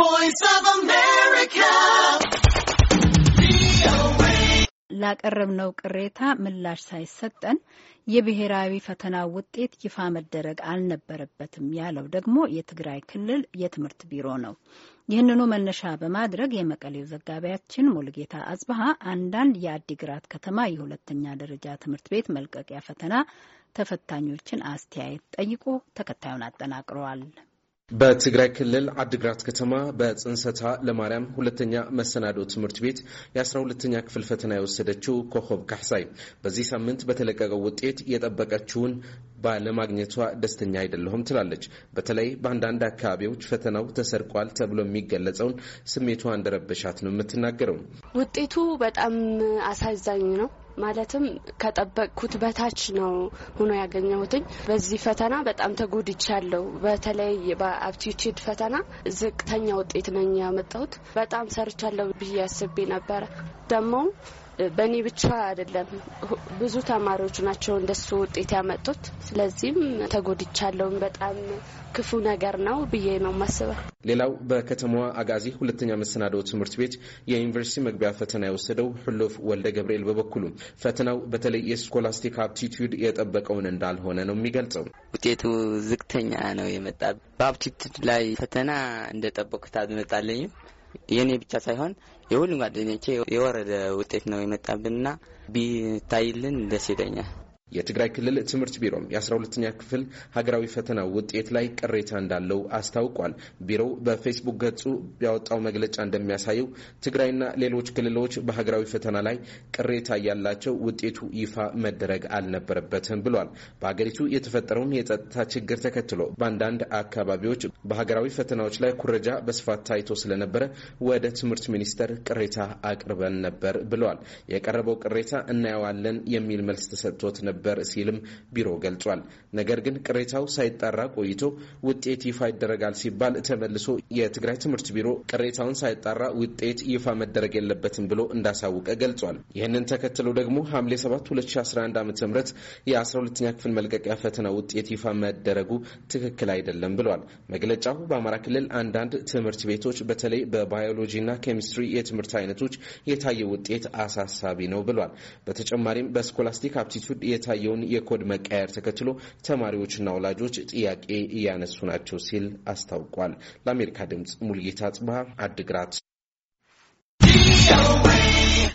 voice of America. ላቀረብነው ቅሬታ ምላሽ ሳይሰጠን የብሔራዊ ፈተና ውጤት ይፋ መደረግ አልነበረበትም ያለው ደግሞ የትግራይ ክልል የትምህርት ቢሮ ነው። ይህንኑ መነሻ በማድረግ የመቀሌው ዘጋቢያችን ሙልጌታ አጽብሃ አንዳንድ የአዲግራት ከተማ የሁለተኛ ደረጃ ትምህርት ቤት መልቀቂያ ፈተና ተፈታኞችን አስተያየት ጠይቆ ተከታዩን አጠናቅረዋል። በትግራይ ክልል አድግራት ከተማ በጽንሰታ ለማርያም ሁለተኛ መሰናዶ ትምህርት ቤት የ12ተኛ ክፍል ፈተና የወሰደችው ኮኮብ ካሕሳይ በዚህ ሳምንት በተለቀቀው ውጤት የጠበቀችውን ባለማግኘቷ ደስተኛ አይደለሁም ትላለች። በተለይ በአንዳንድ አካባቢዎች ፈተናው ተሰርቋል ተብሎ የሚገለጸውን ስሜቷ እንደረበሻት ነው የምትናገረው። ውጤቱ በጣም አሳዛኝ ነው። ማለትም ከጠበቅኩት በታች ነው ሆኖ ያገኘሁትኝ። በዚህ ፈተና በጣም ተጎድቻለሁ። በተለይ በአፕቲቲድ ፈተና ዝቅተኛ ውጤት ነኝ ያመጣሁት። በጣም ሰርቻለሁ ብዬ አስቤ ነበረ ደግሞ በእኔ ብቻ አይደለም፣ ብዙ ተማሪዎች ናቸው እንደሱ ውጤት ያመጡት። ስለዚህም ተጎድቻለውን በጣም ክፉ ነገር ነው ብዬ ነው ማስበው። ሌላው በከተማዋ አጋዚ ሁለተኛ መሰናዶ ትምህርት ቤት የዩኒቨርሲቲ መግቢያ ፈተና የወሰደው ሁሎፍ ወልደ ገብርኤል በበኩሉ ፈተናው በተለይ የስኮላስቲክ አፕቲቱድ የጠበቀውን እንዳልሆነ ነው የሚገልጸው። ውጤቱ ዝቅተኛ ነው የመጣ በአፕቲቱድ ላይ ፈተና እንደጠበቁት አልመጣለኝም። የኔ ብቻ ሳይሆን የሁሉም ጓደኞቼ የወረደ ውጤት ነው የመጣብንና ቢታይልን ደስ ይለኛል። የትግራይ ክልል ትምህርት ቢሮም የ12ኛ ክፍል ሀገራዊ ፈተና ውጤት ላይ ቅሬታ እንዳለው አስታውቋል። ቢሮው በፌስቡክ ገጹ ያወጣው መግለጫ እንደሚያሳየው ትግራይና ሌሎች ክልሎች በሀገራዊ ፈተና ላይ ቅሬታ ያላቸው ውጤቱ ይፋ መደረግ አልነበረበትም ብሏል። በሀገሪቱ የተፈጠረውን የጸጥታ ችግር ተከትሎ በአንዳንድ አካባቢዎች በሀገራዊ ፈተናዎች ላይ ኩረጃ በስፋት ታይቶ ስለነበረ ወደ ትምህርት ሚኒስቴር ቅሬታ አቅርበን ነበር ብለዋል። የቀረበው ቅሬታ እናየዋለን የሚል መልስ ተሰጥቶት ነበር ነበር ሲልም ቢሮ ገልጿል። ነገር ግን ቅሬታው ሳይጣራ ቆይቶ ውጤት ይፋ ይደረጋል ሲባል ተመልሶ የትግራይ ትምህርት ቢሮ ቅሬታውን ሳይጣራ ውጤት ይፋ መደረግ የለበትም ብሎ እንዳሳወቀ ገልጿል። ይህንን ተከትሎ ደግሞ ሐምሌ 7 2011 ዓ ም የ12ኛ ክፍል መልቀቂያ ፈተና ውጤት ይፋ መደረጉ ትክክል አይደለም ብሏል። መግለጫው በአማራ ክልል አንዳንድ ትምህርት ቤቶች በተለይ በባዮሎጂና ኬሚስትሪ የትምህርት አይነቶች የታየ ውጤት አሳሳቢ ነው ብሏል። በተጨማሪም በስኮላስቲክ አፕቲቱድ የታ የሚታየውን የኮድ መቀየር ተከትሎ ተማሪዎችና ወላጆች ጥያቄ እያነሱ ናቸው ሲል አስታውቋል። ለአሜሪካ ድምጽ ሙልጌታ ጽብሃ አድግራት